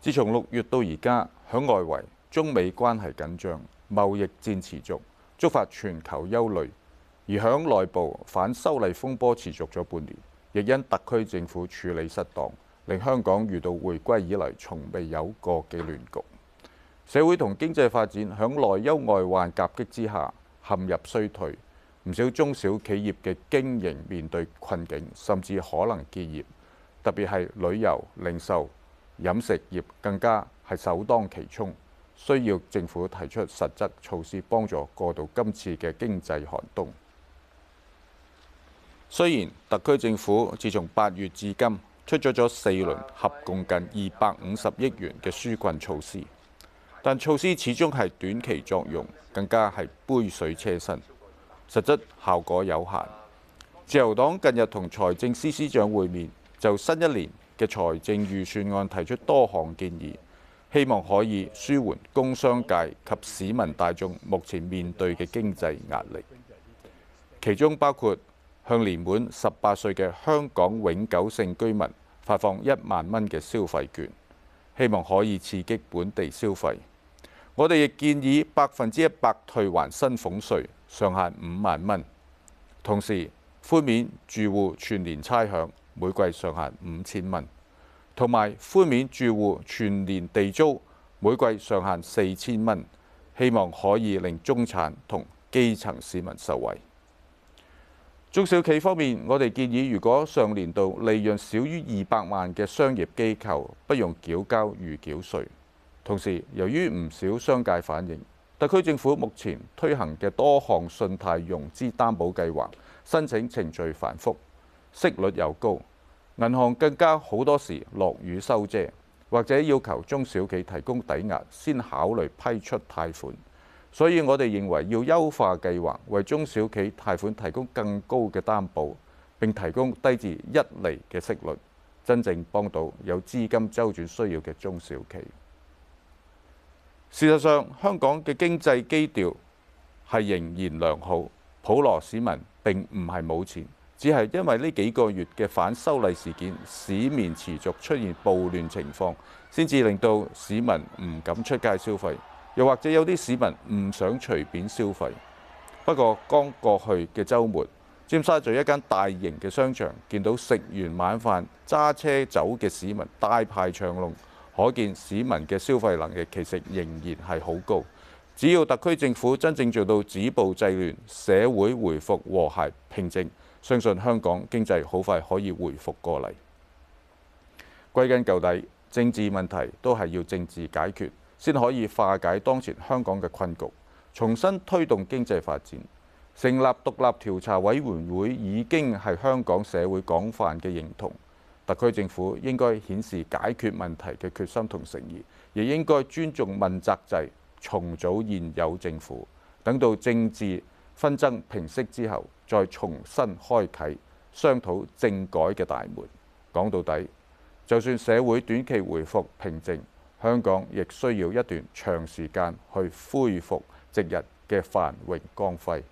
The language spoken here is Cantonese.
自從六月到而家，響外圍，中美關係緊張，貿易戰持續，觸發全球憂慮；而響內部，反修例風波持續咗半年，亦因特區政府處理失當，令香港遇到回歸以嚟從未有過嘅亂局。社會同經濟發展響內憂外患夾擊之下，陷入衰退。唔少中小企業嘅經營面對困境，甚至可能結業。特別係旅遊、零售。飲食業更加係首當其衝，需要政府提出實質措施幫助過渡今次嘅經濟寒冬。雖然特區政府自從八月至今出咗咗四輪合共近二百五十億元嘅紓困措施，但措施始終係短期作用，更加係杯水車薪，實質效果有限。自由黨近日同財政司司長會面，就新一年嘅財政預算案提出多項建議，希望可以舒緩工商界及市民大眾目前面對嘅經濟壓力，其中包括向年滿十八歲嘅香港永久性居民發放一萬蚊嘅消費券，希望可以刺激本地消費。我哋亦建議百分之一百退還薪俸稅上限五萬蚊，同時寬免住戶全年差餉。每季上限五千蚊，同埋寬免住戶全年地租，每季上限四千蚊。希望可以令中產同基層市民受惠。中小企方面，我哋建議，如果上年度利潤少於二百萬嘅商業機構，不用繳交預繳稅。同時，由於唔少商界反映，特區政府目前推行嘅多項信貸融資擔保計劃，申請程序繁複。息率又高，銀行更加好多時落雨收遮，或者要求中小企提供抵押先考慮批出貸款。所以我哋認為要優化計劃，為中小企貸款提供更高嘅擔保，並提供低至一厘嘅息率，真正幫到有資金周轉需要嘅中小企。事實上，香港嘅經濟基調係仍然良好，普羅市民並唔係冇錢。只係因為呢幾個月嘅反修例事件，市面持續出現暴亂情況，先至令到市民唔敢出街消費，又或者有啲市民唔想隨便消費。不過，剛過去嘅週末，尖沙咀一間大型嘅商場，見到食完晚飯揸車走嘅市民大排長龍，可見市民嘅消費能力其實仍然係好高。只要特區政府真正做到止暴制亂，社會回復和諧平靜。相信香港經濟好快可以回復過嚟。歸根究底，政治問題都係要政治解決，先可以化解當前香港嘅困局，重新推動經濟發展。成立獨立調查委員會已經係香港社會廣泛嘅認同，特區政府應該顯示解決問題嘅決心同誠意，亦應該尊重問責制，重組現有政府。等到政治紛爭平息之後，再重新開啟商討政改嘅大門。講到底，就算社會短期回復平靜，香港亦需要一段長時間去恢復昔日嘅繁榮光輝。